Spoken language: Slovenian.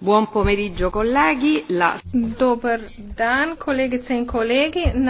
Buon pomeriggio colleghi. La... Dober dan, kolegice in kolegi.